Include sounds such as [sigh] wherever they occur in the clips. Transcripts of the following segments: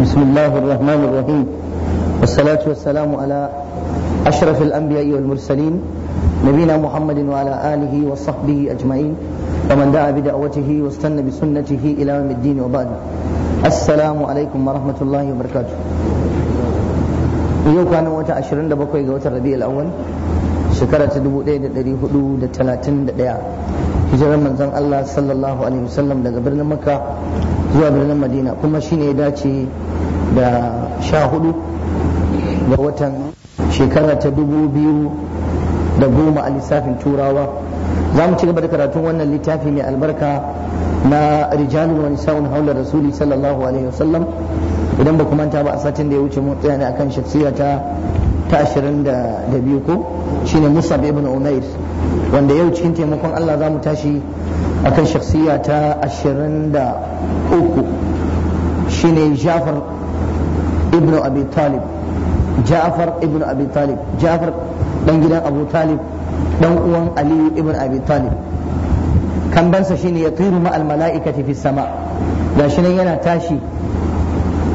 بسم الله الرحمن الرحيم والصلاة والسلام على أشرف الأنبياء والمرسلين نبينا محمد وعلى آله وصحبه أجمعين ومن دعا بدعوته واستنى بسنته إلى يوم الدين وبعد السلام عليكم ورحمة الله وبركاته yau kwanan wata 27 ga watan rabi'ul awwal shekara ta 1431 hijirar manzon Allah sallallahu alaihi wasallam daga birnin Makka zuwa birnin madina kuma shine ya dace da sha hudu ga watan shekara ta dubu biyu da goma a lissafin turawa za mu ci gaba da karatun wannan littafi mai albarka na rijalun wani sa'un haular rasuli sallallahu alaihi wasallam idan ba manta ba a satin da ya wuce mun tsaya ne akan shafsiya ta ta ashirin da biyu ko shine musab ibn umair wanda yau cikin taimakon Allah za mu tashi akan shakhsiya ta uku, shine Ja'far ibn Abi Talib Ja'far ibn Abi Talib Ja'far dan gidan Abu Talib dan uwan Ali ibn Abi Talib kambansa shine ya tiru ma al mala'ikati fi sama shi nan yana tashi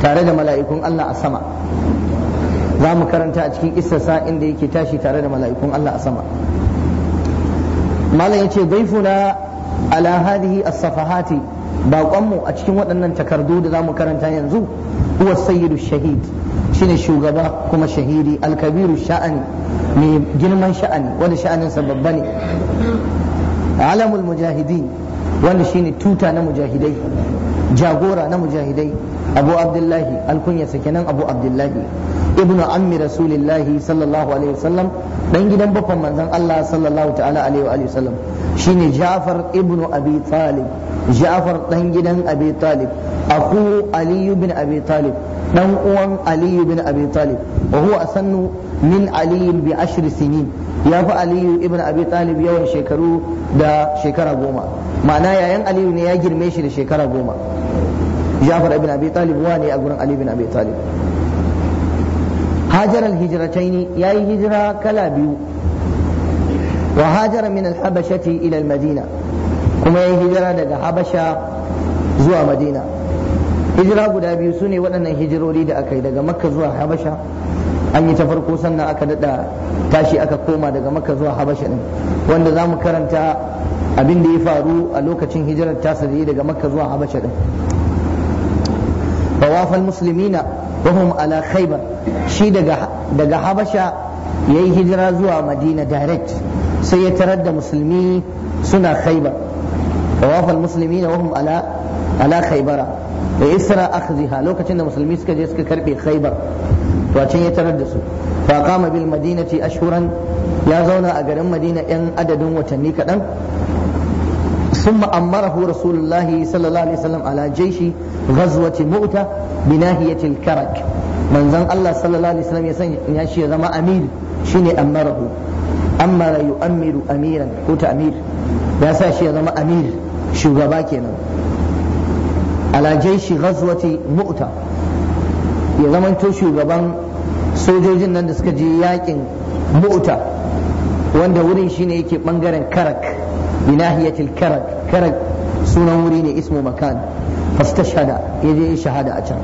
tare da mala'ikun Allah a sama za mu karanta a cikin sa inda yake tashi tare da mala'ikun Allah a sama malam ya daifuna ala hadhihi as-safahati baƙonmu a cikin waɗannan takardu da za mu karanta yanzu huwa sayyidu shahid shine shugaba kuma shahidi alkabiru sha'ani mai girman sha'ani wanda sha'aninsa babba ne alamul mujahidin wanda shine tuta na mujahidai jagora na mujahidai abu abdullahi alkunyarsa kenan abu abdullahi ibnu ammi rasulillahi sallallahu alaihi wasallam dan gidan baffan manzon Allah sallallahu ta'ala alaihi wa sallam shine Ja'far ibnu Abi Talib Ja'far dan gidan Abi Talib aku Ali ibn Abi Talib dan uwan Ali ibn Abi Talib wa huwa asannu min Ali bi ashr sinin ya fi Ali ibn Abi Talib yawan shekaru da shekara goma ma'ana yayan Ali ne ya girme shi da shekara goma Ja'far ibn Abi Talib wa ne a gurin Ali ibn Abi Talib hajar al-hijrataini yayi hijira kala biyu wa hajara min al-habashati ila madina kuma yayi hijira daga habasha zuwa madina hijira guda biyu sune waɗannan hijirori da aka yi daga makka zuwa habasha an yi ta farko sannan aka daɗa tashi aka koma daga makka zuwa habasha din wanda za mu karanta abin da ya faru a lokacin hijirar tasiri daga makka zuwa habasha din طواف المسلمين وهم على خيبر شي daga habasha yayi hijira zuwa madina direct sai ya tarar da musulmi طواف المسلمين وهم على على خيبر da isra akaziha lokacin da musulmi suka je suka karbe khaybar to a can ya tarar da su fa qama bil madinati ashhuran ya zauna a garin madina yan adadin watanni kadan ثم أمره رسول الله صلى الله عليه وسلم على جيش غزوة مؤتة بناهية الكرك من زن الله صلى الله عليه وسلم يسن يشي زما أمير شيني أمره أمر يؤمر أميرا هو تأمير يا ساشي زما أمير شو غباكينا على جيش غزوة مؤتة ya zamanto shugaban sojojin nan da suka je yakin mu'uta wanda wurin shine yake bangaren karak binahiyatil karag karag sunan wuri ne ismu makan fastashhada yaje shahada a can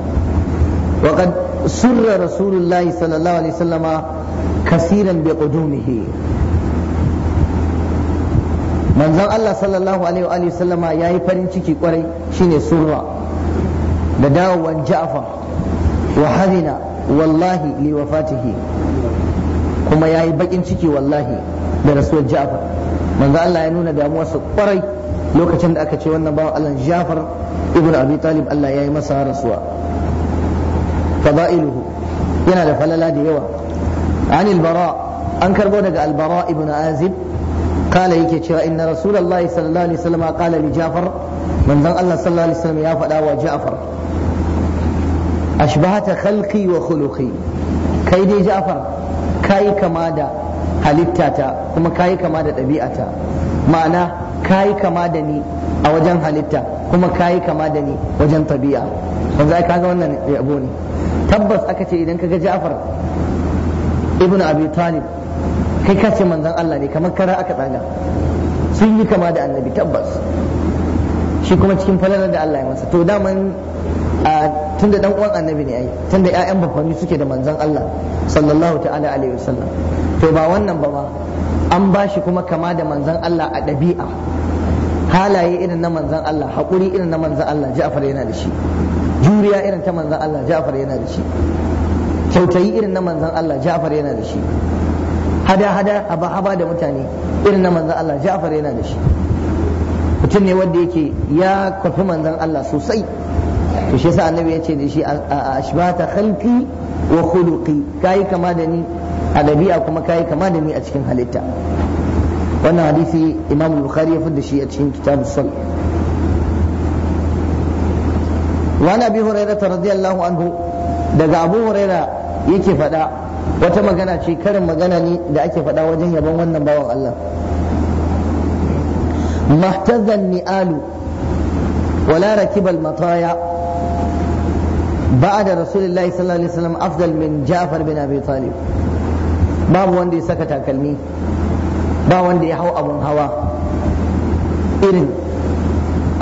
wa qad surra rasulullahi sallallahu alaihi kasiran bi qudumihi manzon Allah sallallahu alaihi wa sallama yayi farin ciki kwarai shine surra da dawowan Ja'far wa hazina wallahi li wafatihi kuma yayi baƙin ciki wallahi da rasuwar jafa. manzo Allah ya nuna damuwar su kwarai lokacin da aka ce wannan bawan Allah Jafar ibn Abi Talib Allah ya yi masa rasuwa fadailuhu yana da falala da yawa an albara an karbo daga albara ibn azib kala yake cewa inna rasulullahi sallallahu alaihi wasallam qala li Jafar manzon Allah sallallahu alaihi wasallam ya faɗa wa Jafar ashbahata khalqi wa khuluqi kai dai Jafar kai kama da halittata kuma kayi kama da ɗabi'ata ma'ana kayi kama da ni a wajen halitta kuma kayi kama da ni wajen tabi'a wanzu ai kaga wannan yabo ne tabbas aka ce idan kaga Ja'far ibn Abi Talib kai ka ce manzon Allah ne kamar kara aka tsaga sun yi kama da annabi tabbas shi kuma cikin falalar da Allah ya masa to daman tunda dan uwan annabi ne ai tunda ƴaƴan bafani suke da manzon Allah sallallahu ta'ala alaihi wasallam to ba wannan ba ma an ba shi kuma kama da manzon Allah a ɗabi'a halaye irin na manzon Allah haƙuri irin na manzon Allah Ja'far yana da shi juriya irin ta manzon Allah Ja'far yana da shi kyautayi irin na manzon Allah Ja'far yana da shi hada-hada aba haba da mutane irin na manzon Allah Ja'far yana da shi mutum ne wanda yake ya kwafi manzon Allah sosai to shi yasa annabi yace ce da shi ashbata khalqi wa khuluqi kai kama da ni a ɗabi'a kuma kai kama da ni a cikin halitta wannan hadisi imamu bukhari ya fidda shi a cikin kitabus sal wa nabi hurairah radiyallahu anhu daga abu hurairah yake faɗa wata magana ce karin magana ne da ake faɗa wajen yabon wannan bawan Allah mahtazan ni'alu wala rakibal mataya بعد رسول الله صلى الله عليه وسلم أفضل من جعفر بن أبي طالب باب وندي سكت كلمي باب وندي هو أبو هوا إرن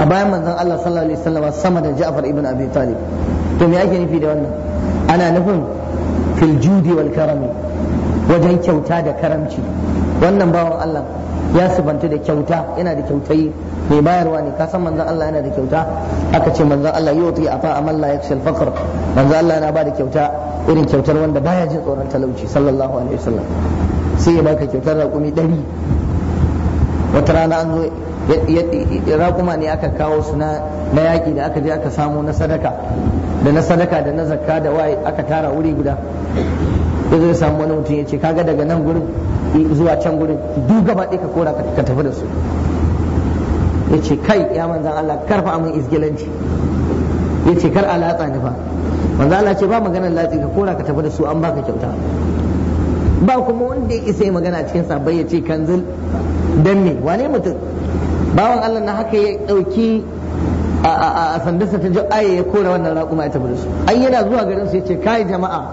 أبايا من ذن الله صلى الله عليه وسلم صمد جعفر ابن أبي طالب تم يأجني في دوانا أنا نفهم في الجود والكرم وجن كوتا كرمتي wannan bawan Allah ya subanta da kyauta yana da kyautai mai bayarwa ne ka san manzon Allah yana da kyauta aka ce manzon Allah yuti afa amalla yakshal faqr manzon Allah yana ba da kyauta irin kyautar wanda baya jin tsoron talauci sallallahu alaihi wasallam sai ya baka kyautar raƙumi ɗari wata rana an zo raƙuma ne aka kawo su na yaƙi da aka je aka samu na sadaka da na sadaka da na zakka da waye aka tara wuri guda ya zo ya samu wani mutum ya ce kaga daga nan gurin zuwa can gurin duk gaba ɗaya ka kora ka tafi da su ya ce kai ya manzan Allah karfa amin izgilanci ya ce kar a latsa ni fa manzan Allah ce ba maganar latsi ka kora ka tafi da su an baka kyauta ba kuma wanda ya isa magana cikin sabai ya ce kanzil dan me wane mutum bawan Allah na haka ya ɗauki a sandarsa ta ji aye ya kora wannan raƙuma ita su an yana zuwa garin su ya ce kai jama'a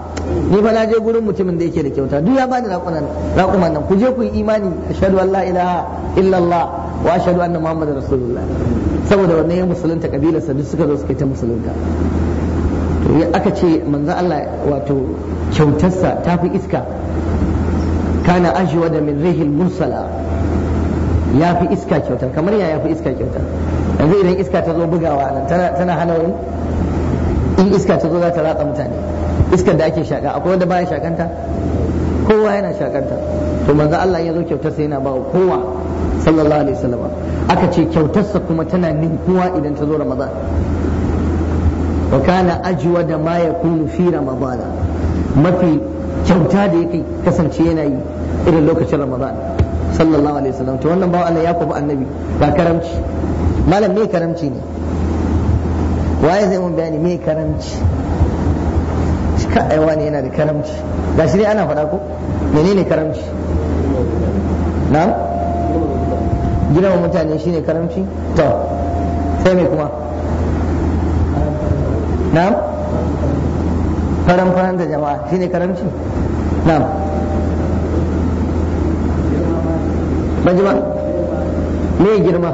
ni fa na je gurin mutumin da yake da kyauta duk ya bani raƙuman nan ku je ku yi imani ashhadu an la ilaha illallah wa ashhadu anna muhammadar rasulullah saboda wannan ya musulunta kabilar sa duk suka zo suka ta musulunta to aka ce manzo Allah wato kyautarsa ta fi iska kana ajwa da min rihil mursala ya fi iska kyauta kamar ya fi iska kyauta yanzu idan iska ta zo bugawa nan tana hana wani in iska ta zo za ta ratsa mutane iskar da ake shaka akwai wanda baya shakanta kowa yana shakanta to manzo Allah ya zo kyautar sa yana ba kowa sallallahu alaihi wasallam aka ce kyautarsa kuma tana ninkuwa idan ta zo ramadan wa kana ajwa da ma yakunu fi ramadan mafi kyauta da yake kasance yana yi irin lokacin ramadan sallallahu alaihi wasallam to wannan bawan Allah ya kwafi annabi ba karamci malam me karamci ne waye zai mun bayani me karamci ka ai ne yana da karamci gashi ne ana faɗa ko menene karamci na gina mutane shine karamci to sai me kuma na faran faran da jama'a shine karamci na'am ban ji ba me girma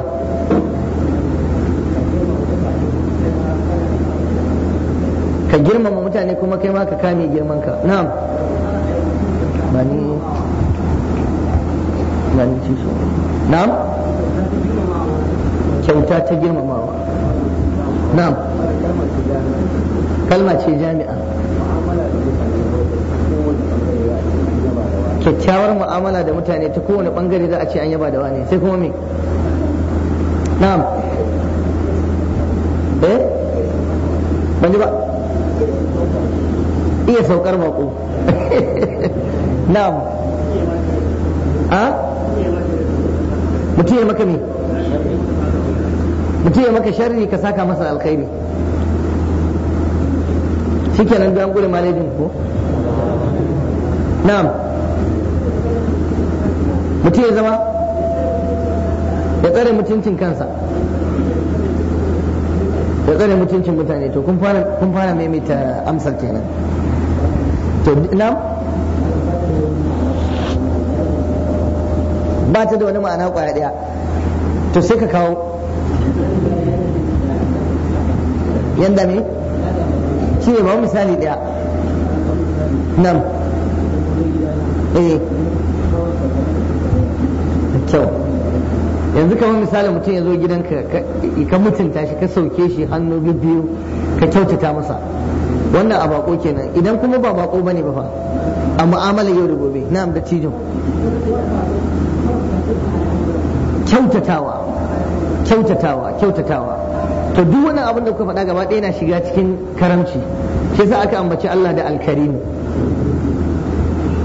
ka girmama mutane kuma kai ma ka kame girman ka na'am ba ni ba ni ci so na'am kyauta ta girmamawa na'am kalma ce jami'a kyakkyawar mu'amala da mutane ta kowane bangare za a ce an yaba da wani sai kuma me na'am eh ban ji ba iya saukar bako [laughs] na'am a mutum ya maka me mutum ya maka sharri ka saka masa alkhairi shikenan biyan gure malejin ko na'am mutum ya zama ya tsare mutuncin kansa ya tsare mutuncin mutane to kun fara maimaita amsar kenan to na ba ta da wani ma'ana kwaya daya to sai ka kawo yanda ne shi ne ba misali daya nan eh kyau yanzu kamar misali mutum ya zo gidanka ka mutunta shi ka sauke shi hannu biyu ka kyautata masa wannan a bako kenan idan kuma ba bako bane ba fa a mu'amala yau da gobe na'am da tijin kyautatawa kyautatawa kyautatawa to duk wani abin da kuka faɗa gaba ɗaya na shiga cikin karamci shi yasa aka ambaci Allah da alkarimu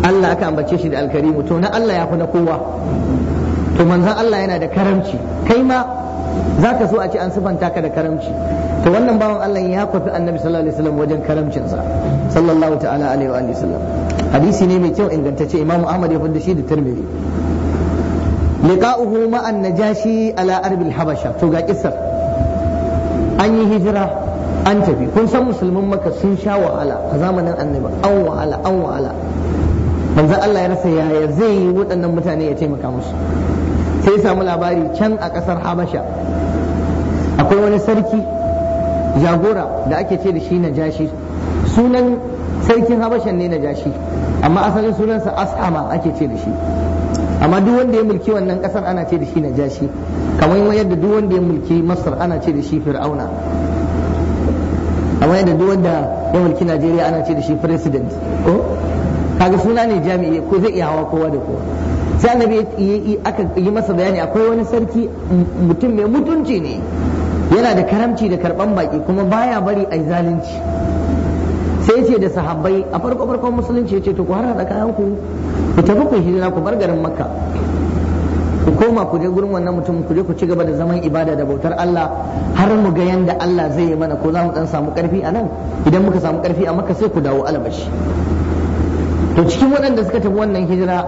Allah aka ambace shi da alkarimu to na Allah ya fi na kowa to manzon Allah yana da karamci kai ma za ka so a ci an sifanta ka da karamci to wannan bawan Allah ya kwafi annabi sallallahu alaihi wasallam wajen karamcinsa sallallahu ta'ala alaihi wa alihi hadisi ne mai kyau ingantacce imamu ahmad ya fadda shi da tirmidhi liqa'uhu ma'an najashi ala arbil habasha to ga kissar an yi hijira an tafi kun san musulmin maka sun sha wahala a zamanin annabi an wahala an wahala manzon Allah ya rasa yaya zai yi waɗannan mutane ya taimaka musu sai samu labari can a ƙasar Habasha akwai wani sarki jagora da ake ce da shi na jashi sunan sarkin Habashan ne na jashi amma asalin sunansa Ashama ake ce da shi amma duk wanda ya mulki wannan kasar ana ce da shi na jashi kamar yadda duk wanda ya mulki masar ana ce da shi fir'auna amma yadda duk wanda ya mulki najeriya ana ce da shi president ko kaga suna ne jami'i ko zai iya hawa kowa da kowa sai annabi aka yi masa bayani akwai wani sarki mutum mai mutunci ne yana da karamci da karban baki kuma baya bari a zalunci sai ce da sahabbai a farko farkon musulunci ya ce to ku har da kayan ku ku tafi ku hijira ku bar garin makka ku koma ku je gurin wannan mutum ku je ku ci gaba da zaman ibada da bautar Allah har mu ga yanda Allah zai yi mana ko za mu dan samu karfi a nan idan muka samu karfi a makka sai ku dawo alabashi to cikin waɗanda suka tafi wannan hijira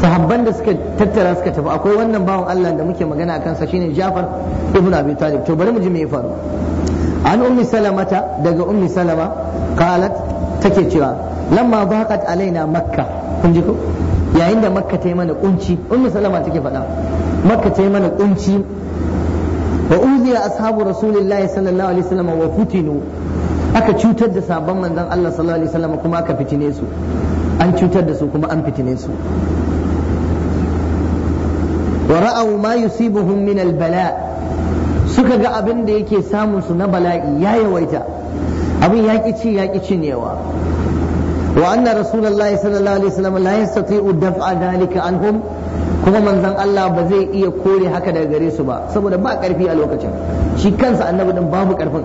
sahabban da suka tattara suka tafi akwai wannan bawan Allah da muke magana a kansa shine Jafar ibn Abi Talib to bari mu ji me ya faru an ummi salamata daga ummi salama qalat take cewa lamma baqat alaina makka kun ji ko yayin da makka ta yi mana kunci ummi salama take faɗa makka ta yi mana kunci wa uziya ashabu rasulillahi sallallahu alaihi wasallam wa futinu aka cutar da sabon manzon Allah sallallahu alaihi wasallam kuma aka fitine su an cutar da su kuma an fitine su wa ra'aw ma yusibuhum min al-bala suka ga abin da yake samun su na bala'i ya yawaita abin ya ci ya cinyewa wa anna rasulullahi sallallahu alaihi wasallam la yastati'u daf'a dhalika anhum kuma manzon Allah ba zai iya kore haka daga gare su ba saboda ba karfi a lokacin shi kansa annabi din babu karfin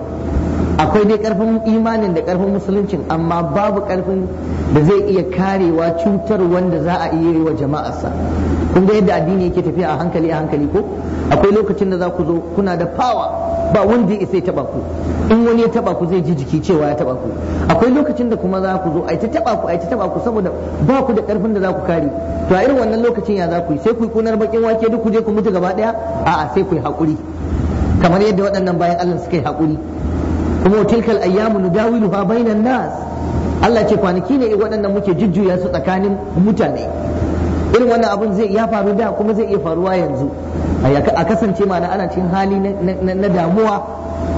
akwai dai karfin imanin da karfin musuluncin amma babu karfin da zai iya karewa cutar wanda za a iya yi wa jama'arsa kun ga yadda addini yake tafiya a hankali a hankali ko akwai lokacin da za ku zo kuna da fawa ba wanda ya sai taba ku in wani ya taba ku zai ji jiki cewa ya taba ku akwai lokacin da kuma za ku zo a ta taba ku a ta taba ku saboda ba ku da karfin da za ku kare to a irin wannan lokacin ya za ku yi sai ku yi kunar bakin wake duk ku je ku mutu gaba daya a'a sai ku yi hakuri kamar yadda waɗannan bayan Allah suka yi hakuri kuma tilkal ayyamu nudawiluha bainan nas Allah ce kwanaki ne waɗannan muke jujjuya su tsakanin mutane irin wannan abun zai ya faru da kuma zai iya faruwa yanzu a kasance mana ana cikin hali na damuwa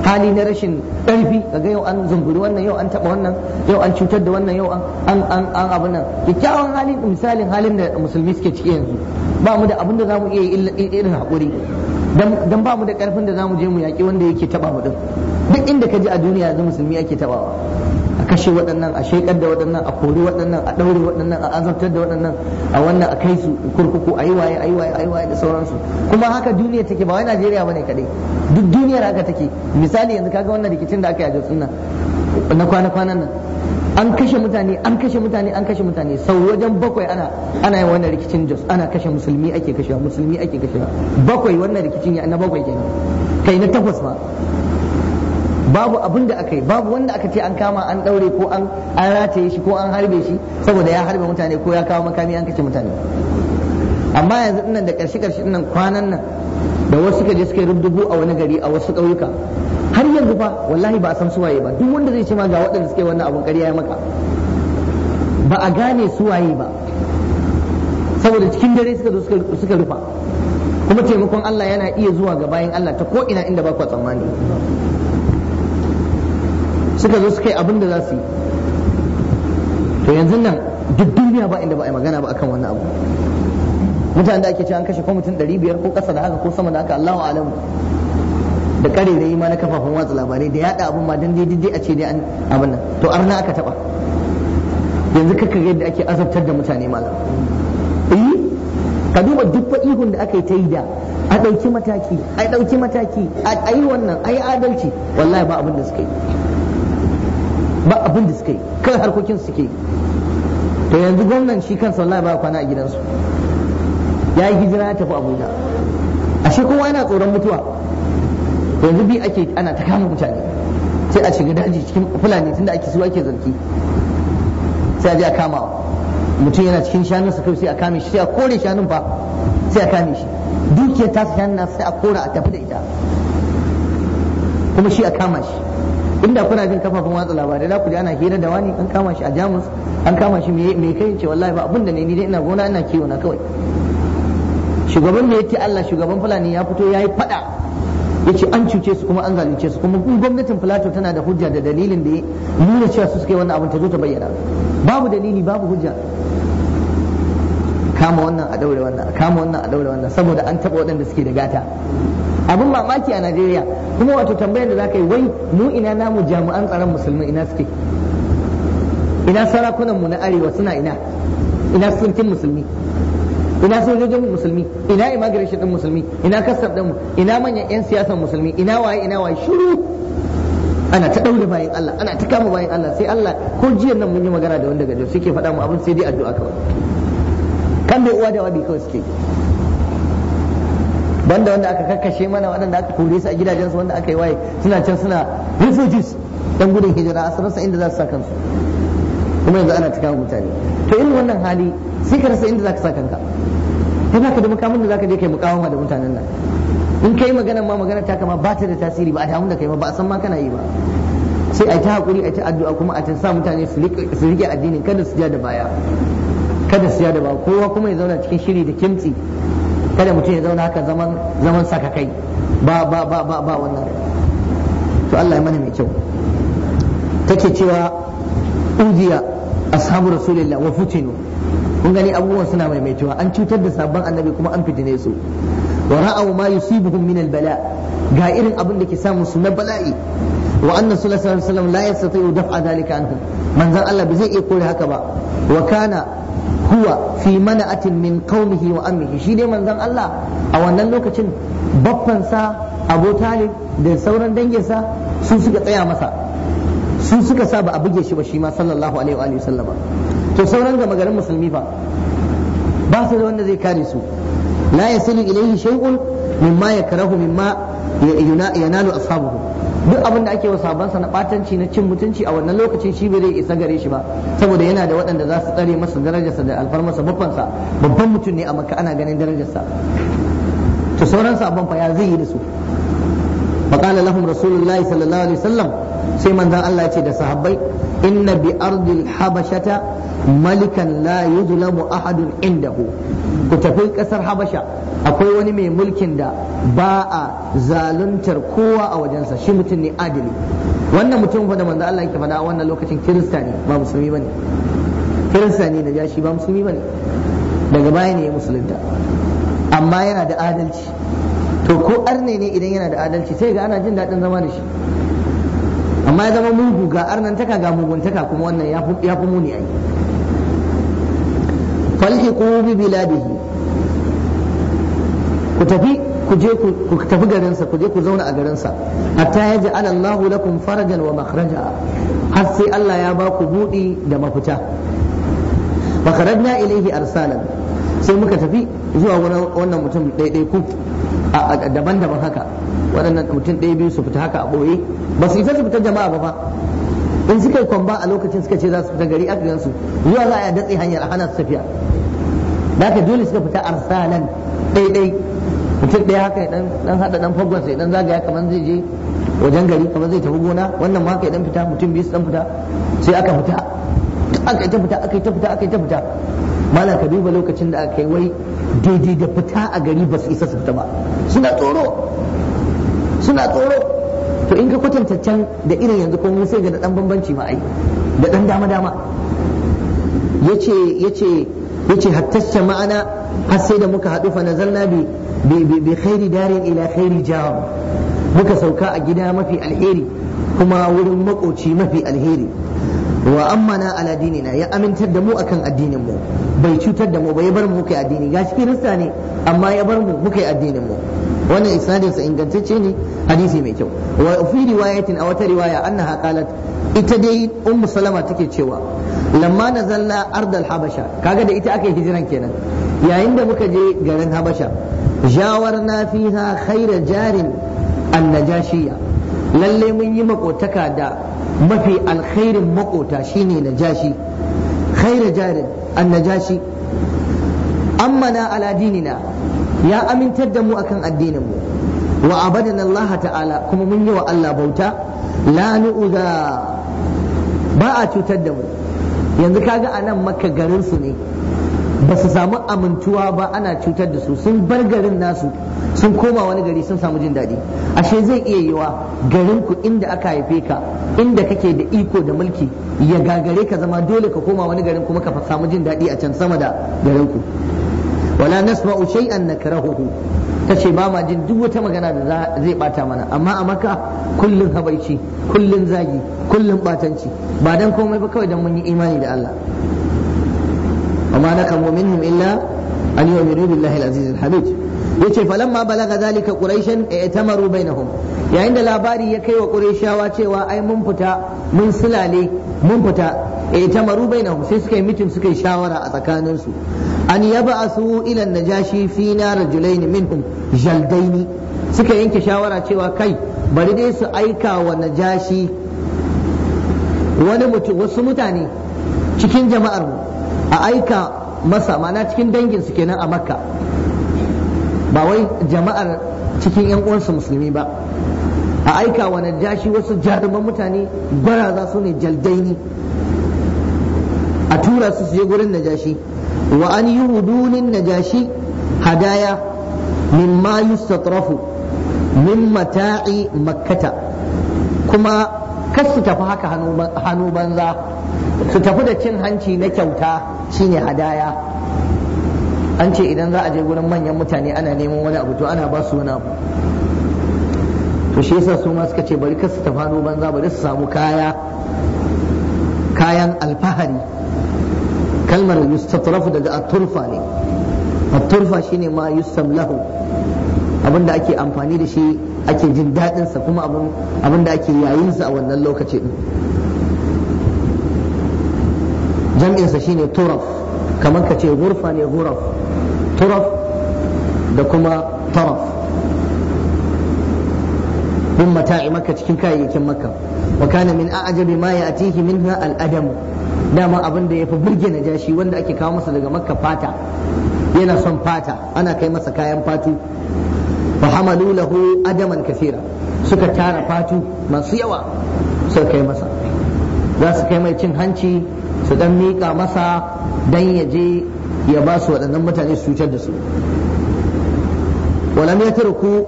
hali na rashin ƙarfi kaga yau an zunguri wannan yau an taɓa wannan yau an cutar da wannan yau an an an nan kyakkyawan halin misalin halin da musulmi suke ciki yanzu ba mu da abin da za mu iya irin haƙuri dan ba mu da ƙarfin da za mu je mu yaƙi wanda yake taɓa mu din inda ka ji a duniya yanzu musulmi ake tabawa a kashe waɗannan a shekar da waɗannan a kori waɗannan a ɗaure waɗannan a azabtar da waɗannan a wannan a kai su kurkuku a yi waye a yi waye a yi waye da sauransu kuma haka duniya take ba wai Najeriya bane kadai duk duniyar haka take misali yanzu kaga wannan rikicin da aka yi a Jos na kwana-kwanan nan an kashe mutane an kashe mutane an kashe mutane sau wajen bakwai ana ana yin wannan rikicin jos ana kashe musulmi ake kashewa musulmi ake kashewa bakwai wannan rikicin ya na bakwai kenan kai na takwas ma babu abin da aka yi babu wanda aka ce an kama an daure ko an an rataye shi ko an harbe shi saboda ya harbe mutane ko ya kawo makami an kace mutane amma yanzu dinnan da karshe karshe dinnan kwanan nan da wasu suka je suka yi rubdugu a wani gari a wasu ƙauyuka har yanzu fa wallahi ba a san suwaye ba duk wanda zai ce ma ga waɗanda suke wannan abun ƙarya ya maka ba a gane suwaye ba saboda cikin dare suka zo suka rufa kuma taimakon Allah yana iya zuwa ga bayan Allah ta ko ina inda ba ku tsammani suka zo suka yi abin da za su yi to yanzu nan duk duniya ba inda ba a magana ba akan wannan abu Mutane da ake cewa an kashe ko mutum biyar ko ƙasa da haka ko sama da haka Allahu alamu da kare da yi ma na kafafen watsa labarai da yada abin ma dan daidai a ce dai an abin nan to arna aka taba yanzu kaka ga yadda ake azabtar da mutane malam eh ka duba duk fa da aka yi ta yi da a ɗauki mataki a ɗauki mataki a yi wannan a yi adalci wallahi ba abin da suka yi ba abin da suka yi kan harkokin suke to yanzu gwamnan shi kansa wallahi ba kwana a gidansu ya yi hijira ya tafi abuja ashe kowa yana tsoron mutuwa yanzu bi ake ana ta kama mutane sai a shiga daji cikin fulani tunda ake su ake zargi sai a je a kama mutum yana cikin shanunsa kai sai a kame shi sai a kore shanun fa sai a kame shi dukiyar tasa shanun sai a kora a tafi da ita kuma shi a kama shi inda kuna jin kafafen watsa labarai za ku ji ana hira da wani an kama shi a jamus an kama shi mai kai ce wallahi ba abin da ne ni dai ina gona ina kiwo na kawai shugaban da yake Allah shugaban fulani ya fito ya yi fada yace an cuce su kuma an zalunce su kuma gwamnatin Filato tana da hujja da dalilin da ya nuna cewa su suke wannan abin ta zo ta bayyana babu dalili babu hujja kama wannan a daure wannan kama wannan a daure wannan saboda an taba waɗanda suke da gata abin mamaki a najeriya kuma wato tambayar da za ka yi wai mu ina namu jami'an tsaron musulmi ina suke ina sarakunan mu na arewa suna ina ina sulkin musulmi ina sojojin musulmi ina immigration din musulmi ina kasar din ina manyan yan siyasar musulmi ina waye ina waye shiru ana ta daure bayan Allah ana ta kama bayan Allah sai Allah ko jiyan nan mun yi magana da wanda gajo suke faɗa mu abin sai dai addu'a kawai kan da uwa da wabi kawai suke banda wanda aka kakkashe mana waɗanda aka kore su a gidajensu wanda aka yi waye suna can suna refugees dan gudun hijira a sarrafa inda za su sa kansu kuma yanzu ana cikin mutane to irin wannan hali sai ka rasa inda za ka sa kanka kai ka da mukamin da za ka je kai mukawama da mutanen nan in kai magana ma magana ta kama ba ta da tasiri ba a damu da kai ma ba a san ma kana yi ba sai a ta hakuri a ta addu'a kuma a ta sa mutane su rike addinin kada su ja da baya kada su ja da baya kowa kuma ya zauna cikin shiri da kimtsi kada mutum ya zauna haka zaman zaman saka kai ba ba ba ba ba wannan to Allah ya mana mai kyau take cewa udiya ashabu rasulillah wa futinu kun gani abubuwan suna maimaituwa an cutar da sabon annabi kuma an fitine su wa ra'aw ma yusibuhum min al-bala ga irin abin da ke samu su na bala'i wa anna sallallahu alaihi wasallam la yastati'u daf'a dhalika anhum manzon Allah ba zai iya kore haka ba wa kana huwa fi mana'atin min qaumihi wa ammihi shi dai manzon Allah a wannan lokacin sa Abu Talib da sauran danginsa su suka tsaya masa su suka sa ba a buge shi ba shi ma sallallahu alaihi wa sallama to sauran gama garin musulmi fa ba su da wanda zai kare su لا yasilu إليه شيء مما يكره مما ينال أصحابه duk abin da ake wa sabansa na batanci na cin mutunci a wannan lokacin shi bai zai isa gare shi ba saboda yana da waɗanda za su tsare masa darajarsa da alfarmarsa babbansa babban mutum ne a maka ana ganin darajarsa to sauran sabon fa ya zai yi da su فقال لهم رسول الله صلى الله sai manzan Allah ce da sahabbai inna bi ardil habashata malikan la yuzlamu ahadun indahu ku tafi kasar habasha akwai wani mai mulkin da ba a zaluntar kowa a wajensa shi mutum ne adili wannan mutum da manzon Allah yake faɗa a wannan lokacin kirista ne ba musulmi bane kirista ne da shi ba musulmi bane daga baya ne ya musulunta amma yana da adalci to ko arne ne idan yana da adalci sai ga ana jin daɗin zama da shi amma ya zama mugu ga taka ga muguntaka kuma wannan ya fi muni ai falhiqu bi biladihi ku tafi ku je ku tafi garinsa ku je ku zauna a garinsa hatta ya ji Allahu lakum farajan wa makhraja har sai Allah ya ba ku buɗi da mafita fa kharajna ilayhi arsalan sai muka tafi zuwa wannan mutum daidai ku daban-daban haka waɗannan mutum ɗaya biyu su fita haka a ɓoye ba su isa su fita jama'a ba fa in suka yi kwamba a lokacin suka ce za su fita gari aka gansu zuwa za a yi datse hanyar a hana su tafiya da haka dole suka fita arsalan ɗaiɗai mutum ɗaya haka ya ɗan haɗa ɗan fagon sai ɗan zagaya kamar zai je wajen gari kamar zai tafi gona wannan ma haka ya ɗan fita mutum biyu su ɗan fita sai aka fita aka yi ta fita aka yi ta fita aka yi ta fita malam ka duba lokacin da aka yi wai daidai da fita a gari ba su isa su fita ba suna tsoro suna tsoro to in ka kwatanta can da irin yanzu komai sai ga dan bambanci ma ai da dan dama dama yace yace yace hatta ma'ana har sai da muka haɗu fa nazalna bi bi khairi darin ila khairi jawab muka sauka a gida mafi alheri kuma wurin makoci mafi alheri wa na ala dinina ya amintar da mu akan addinin mu bai cutar da mu bai bar mu muka addini gashi kirista ne amma ya bar mu muka addinin mu wannan isnadin sa ingantacce ne hadisi mai kyau wa fi riwayatin a wata riwaya annaha qalat ita dai ummu salama take cewa lamma nazalla ardal habasha kaga da ita aka yi hijiran kenan yayin da muka je garin habasha jawarna fiha haira jarin annajashiya lalle mun yi makotaka da mafi alkhairin makota shine najashi khairu jarin annajashi ammana na Aladinina, ya amintar da mu akan addinin mu wa abadana Allah ta'ala kuma mun yi wa Allah bauta la nu'udha ba a cutar da mu yanzu kaga anan makka garin ne ba su samu amintuwa ba ana cutar da su sun bar garin nasu sun koma wani gari sun samu jin daɗi ashe zai iya yiwa garin ku inda aka haife ka inda kake da iko da mulki ya gagare ka zama dole ka koma wani garin kuma ka samu jin daɗi a can sama da garinku. ku wala nasma'u shay'an nakrahuhu tace ba ma jin duk wata magana da zai bata mana amma a maka kullun habaici kullun zagi kullun batanci ba dan komai ba kawai dan mun yi imani da Allah وما نكموا منهم إلا أن يؤمنوا بالله العزيز الحميد yace falamma balaga zalika quraishan i'tamaru bainahum yayin da labari ya kai wa quraishawa cewa ai mun fita mun sulale mun fita i'tamaru bainahum sai suka yi mitin suka yi shawara a tsakanin su an yab'asu ila najashi fi nar julaini minhum jaldaini suka yanke shawara cewa kai bari dai su aika wa najashi wani mutum wasu mutane cikin jama'ar mu a aika masa mana cikin dangin su kenan a makka ba wai jama'ar cikin yan uwansu musulmi ba a aika wa najashi wasu jaruman mutane za su ne jaldaini a tura su su je gurin najashi wa an yi hudunin najashi hadaya mimma yustatrafu min mata'i makkata kuma kasu tafi haka hannu banza su tafi da cin hanci na kyauta shine hadaya an ce idan za a je gurin manyan mutane ana neman wani abu to ana ba su wani abu to shi yasa su ma suka ce bari kar su hannu banza bari su samu kaya kayan alfahari kalmar yustatrafu daga aturfa ne aturfa shine ma lahu abinda ake amfani da shi ake jin daɗinsa kuma abinda ake yayinsa a wannan lokaci din jam'insa shine turaf kamar ka ce gurfa ne guraf turaf da kuma taraf min mata'i makka cikin kayayyakin makka wa kana min a'jabi ma ya'tihi minha al-adam dama abin da yafi burge na jashi wanda ake kawo masa daga makka fata yana son fata ana kai masa kayan fatu fa hamalu lahu adaman kathira suka tara fatu masu yawa suka kai masa za su kai mai cin hanci su dan miƙa masa dan ya je ya ba su waɗannan mutane su cutar da su Wala ya turku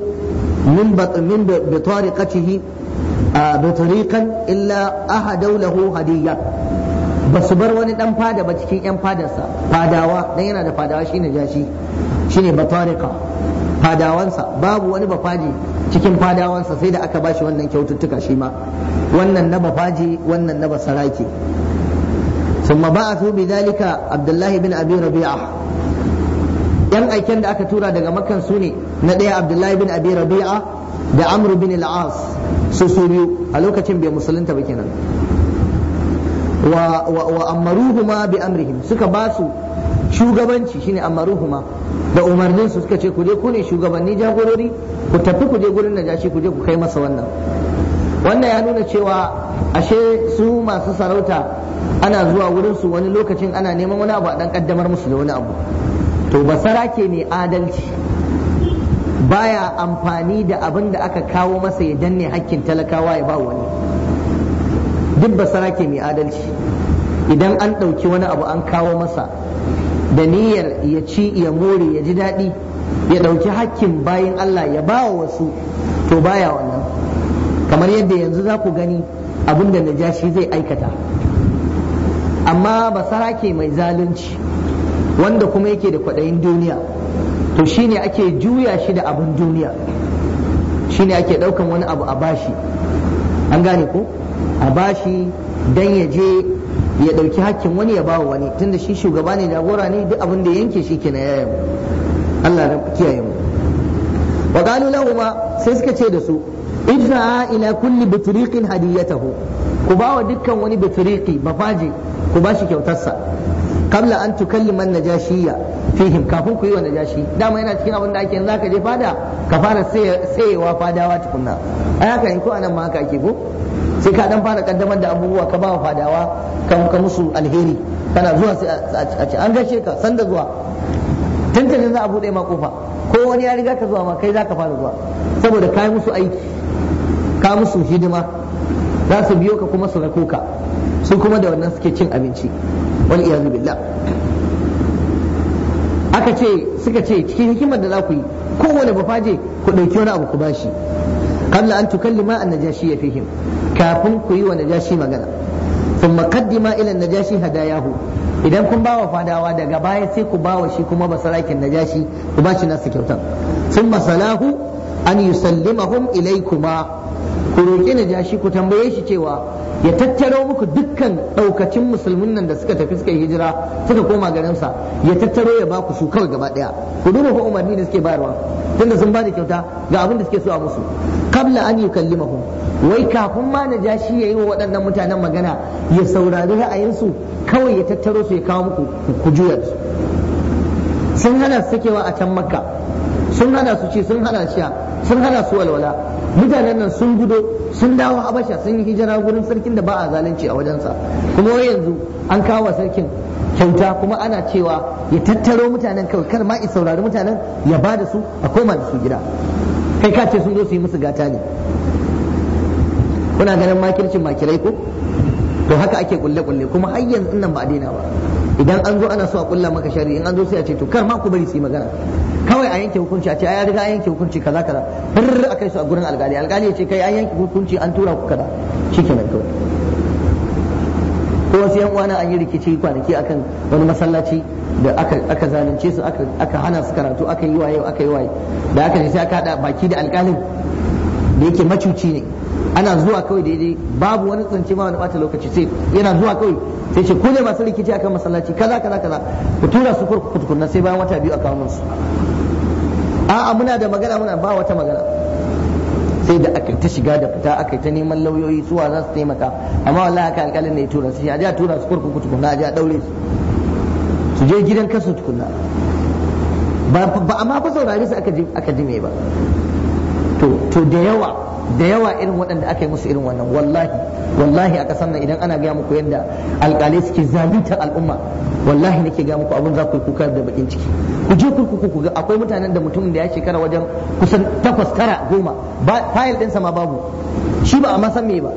min min bi tariqatihi bi tariqan illa ahadaw lahu hadiyya ba su bar wani dan fada ba cikin yan fadarsa fadawa dan yana da fadawa shine jashi shine ba tariqa fadawansa babu wani bafaji cikin fadawansa sai da aka bashi wannan kyaututtuka shi ma wannan na bafaji wannan na saraki. ثم بعثوا بذلك عبد الله بن ابي ربيعه yan aiken da aka tura daga makan sune na ɗaya abdullahi bin abi rabi'a da amr bin al-as su su biyu a lokacin bai musulunta ba kenan wa wa amaruhuma bi amrihim suka ba shugabanci shine amaruhuma da umarnin su suka ce ku je ku ne shugabanni jagorori ku tafi ku je gurin najashi ku je ku kai masa wannan wannan ya nuna cewa ashe su masu sarauta ana zuwa wurin su wani lokacin ana neman wani abu a dan kaddamar musu da wani abu to ba sarake mai adalci baya amfani da abin da aka kawo masa ya danne hakkin talakawa ya ba wani duk ba sarake mai adalci idan an ɗauki wani abu an kawo masa da niyyar ya ci ya more ya ji daɗi ya ɗauki hakkin bayin Allah ya ba wasu to baya wannan kamar yadda yanzu za ku gani abin da najashi zai aikata amma ba sarake mai zalunci wanda kuma yake da kwaɗayin duniya to shine ake juya shi da abin duniya shine ake ɗaukan wani abu a bashi an gane ko a bashi dan ya je ya ɗauki hakkin wani ya bawa wani tunda shi shugaba ne jagora ne duk abin da yanke shi ke na yayan Allah na kiyaye mu wa qalu lahuma sai suka ce da su idza ila kulli butriqin hadiyatahu ku bawa dukkan wani butriqi bafaje ku ba shi kyautarsa kabla an tukalliman najashiya fihim kafin ku yi wa najashi dama yana cikin abin da ake yanzu ka je fada ka fara sayewa fadawa tukunna ai haka in ko anan ma haka ake ko sai ka dan fara kaddamar da abubuwa ka ba fadawa ka musu alheri kana zuwa sai a ci an gashe ka sanda zuwa tantanin za a bude ma kofa ko wani ya riga ka zuwa ma kai za ka fara zuwa saboda ka yi musu aiki ka musu hidima za su biyo ka kuma su rako ka su kuma da wannan suke cin abinci wal iyazu billah aka ce suka ce cikin hikimar da za ku yi kowane bafaje ku ɗauki wani abu ku bashi kalla an tukallima an najashi ya fi him kafin ku yi wa najashi magana thumma ma ilan najashi hadayahu idan kun ba wa fadawa daga baya sai ku ba wa shi kuma basarakin najashi ku ba shi nasu kyautar sun masalahu an yusallimahum ilaikuma ku roƙi najashi ku tambaye shi cewa ya tattaro muku dukkan daukacin musulmin nan da suka tafi suka yi hijira suka koma garin sa ya tattaro ya baku su kawai gaba daya ku duba ko umarni da suke bayarwa tunda sun bada kyauta ga abin da suke so a musu qabla an yukallimahum wai kafin ma na jashi ya yi wa waɗannan mutanen magana ya saurari ra'ayinsu kawai ya tattaro su ya kawo muku ku juya su sun hana sakewa a can makka sun hana su ce sun hana sha sun hana su walwala mutanen nan sun gudo sun dawo habasha sun yi hijira gurin sarkin da ba a zalunci a wajensa kuma yanzu an kawo sarkin kyauta kuma ana cewa ya tattaro mutanen kawai kar ma ya saurari mutanen ya ba da su a koma da su gida kai ka ce sun zo su yi musu gata ne kuna ganin makircin makirai ko to haka ake kulle kulle kuma har yanzu nan ba a daina ba idan an zo ana so a kulla maka shari in an zo sai a ce to kar ma ku bari su yi magana kawai a yanke hukunci a ce ai riga an yanke hukunci kaza kaza har a kai su a gurin alkali alkali ya ce kai an yanke hukunci an tura ku kaza shikenan kawai ko wasu yan uwana an yi rikici kwanaki akan wani masallaci da aka zalunce su aka hana su karatu aka yi waye aka yi waye da aka ce sai aka hada baki da alkalin da yake macuci ne ana zuwa kawai daidai babu wani tsanci ma wani bata lokaci sai yana zuwa kawai sai ce ku ne masu rikici akan masallaci kaza kaza kaza ku tura su kurkuku tukunna sai bayan wata biyu a kawo musu a'a muna da magana muna ba wata magana sai da aka ta shiga da fita aka ta neman lauyoyi suwa za su taimaka amma wallahi haka alƙalin ne ya tura su a jiya a tura su kurkuku tukunna a jiya a daure su su je gidan kasu tukunna ba amma fa saurari su aka jime aka ji me ba to to da yawa da yawa irin waɗanda aka yi musu irin wannan wallahi wallahi a ƙasar nan idan ana gaya muku yadda alƙalai suke zaluntar al'umma wallahi nake gaya muku abin za ku yi kuka da bakin ciki ku je kurkuku ku ga akwai mutanen da mutumin da ya shekara wajen kusan takwas tara goma ba fayil ɗinsa ma babu shi ba a ma san me ba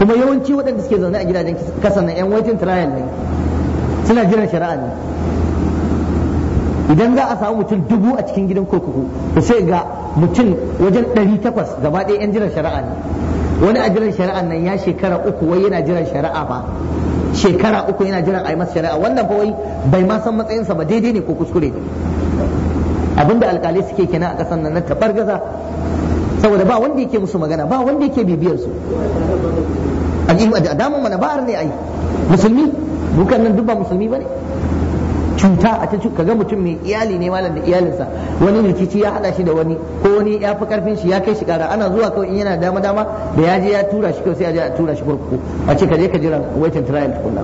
kuma yawanci waɗanda suke zaune a gidajen kasan na 'yan waitin trial ne suna jiran shari'a ne idan za a samu mutum dubu a cikin gidan kurkuku ku sai ga mutum wajen 800 gaba ɗaya 'yan jiran shari'a ne wani a jiran shari'a nan ya shekara uku wai yana jiran shari'a ba shekara uku yana jiran ai masa shari'a wannan fa wai bai ma san matsayinsa ba daidai ne ko kuskure ne abinda alkali suke kina a kasan nan na gaza saboda ba wanda yake musu magana ba wanda yake bibiyar su a damun mana har ne ai musulmi bukan nan duk musulmi ba ne cuta a ta kaga mutum mai iyali ne malam da iyalinsa wani rikici ya hada shi da wani ko wani ya fi karfin shi ya kai shi kara ana zuwa kawai in yana dama dama da ya je ya tura shi kawai sai ya je a tura shi kurkuku a ce ka je ka jira waitin trial tukunna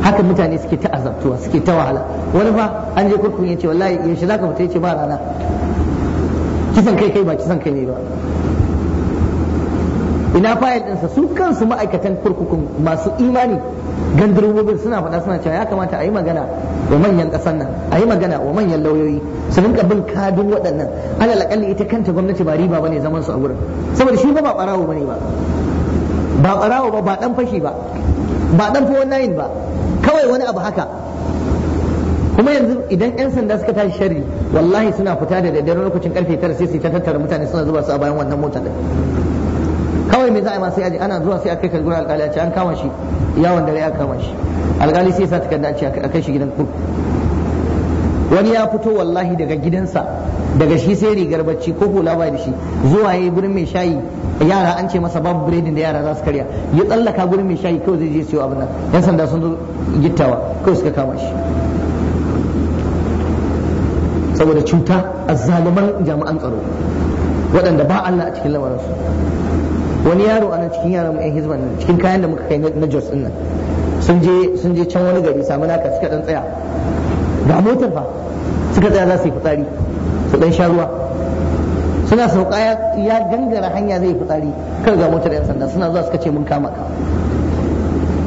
haka mutane suke ta azabtuwa suke ta wahala wani fa an je kurkun ya ce wallahi yaushe za ka fita ya ce ba rana kisan kai kai ba kisan kai ne ba ina fayil ɗinsa su kansu ma'aikatan kurkukun masu imani gandirmomin suna faɗa suna cewa ya kamata a yi magana wa manyan ƙasar nan a yi magana wa manyan lauyoyi su rinka bin kadin waɗannan alal aƙalli ita kanta gwamnati ba riba bane zaman su a wurin saboda shi ba ba ɓarawo bane ba ba ɓarawo ba ba ɗan fashi ba ba ɗan fowon nayin ba kawai wani abu haka kuma yanzu idan 'yan sanda suka tashi sharri wallahi suna fita da daddare lokacin karfe tara sai su ta tattara mutane suna zuba su a bayan wannan mota din kawai me za a ma sai aje ana zuwa sai a kai ka alkali a ce an kama shi yawon dare ya kama shi alkali sai sa takarda a ce a kai shi gidan kurkuku wani ya fito wallahi daga gidansa daga shi sai rigar bacci ko hula bai da shi zuwa yayi gurin mai shayi yara an ce masa babu biredin da yara za su karya ya tsallaka gurin mai shayi kawai zai je siyo abin nan yan sanda sun zo gittawa kawai suka kama shi saboda cuta a zaluman jami'an tsaro waɗanda ba Allah a cikin lamarinsu wani yaro nan cikin yaran mu yan hizban cikin kayan da muka kai na Jos din nan sun je sun je can wani gari samu naka suka dan tsaya ga motar fa suka tsaya za su yi fitsari su dan sha ruwa suna sauka ya gangara hanya zai yi fitsari kan ga motar yan sanda suna zuwa suka ce mun kama ka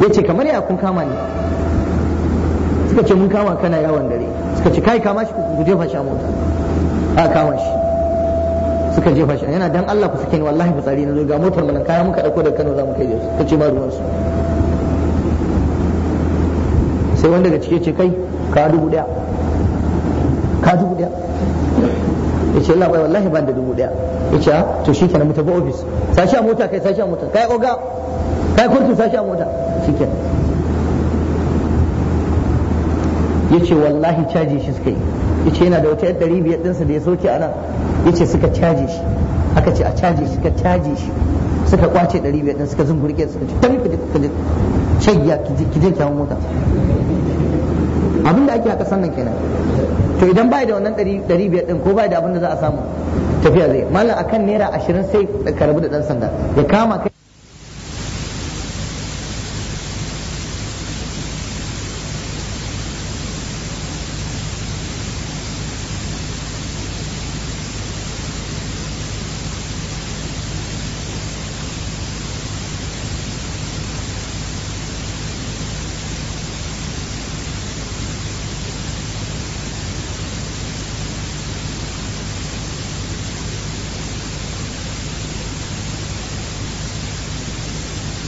yace kamar ya kun kama ne, suka ce mun kama kana yawon dare suka ce kai kama shi ku jefa shi a mota a kama shi suka jefa shi yana dan Allah ku suke ni wallahi fitsari na zo ga motar mu nan kaya muka dauko da Kano za mu kai da su kace ma ruwan su sai wanda daga cike ce kai ka dubu daya ka dubu daya yace Allah bai wallahi ban da dubu daya yace ah, to shi shikenan muta ba office sashi a mota kai sashi a mota kai oga kai kurtu sashi a mota shikenan yace wallahi caji shi suka yi yace yana da wata ɗari biyar ɗinsa da ya soke a nan yace suka caje shi aka ce a caje shi suka caje shi suka kwace ɗari biyar ɗin suka zungurke suka ce tabi kaje kaje shayya kije kyawun mota abin da ake haka sannan kenan to idan bai da wannan ɗari biyar ɗin ko bai da abin da za a samu tafiya zai mallam akan naira ashirin sai ka da ɗan sanda ya kama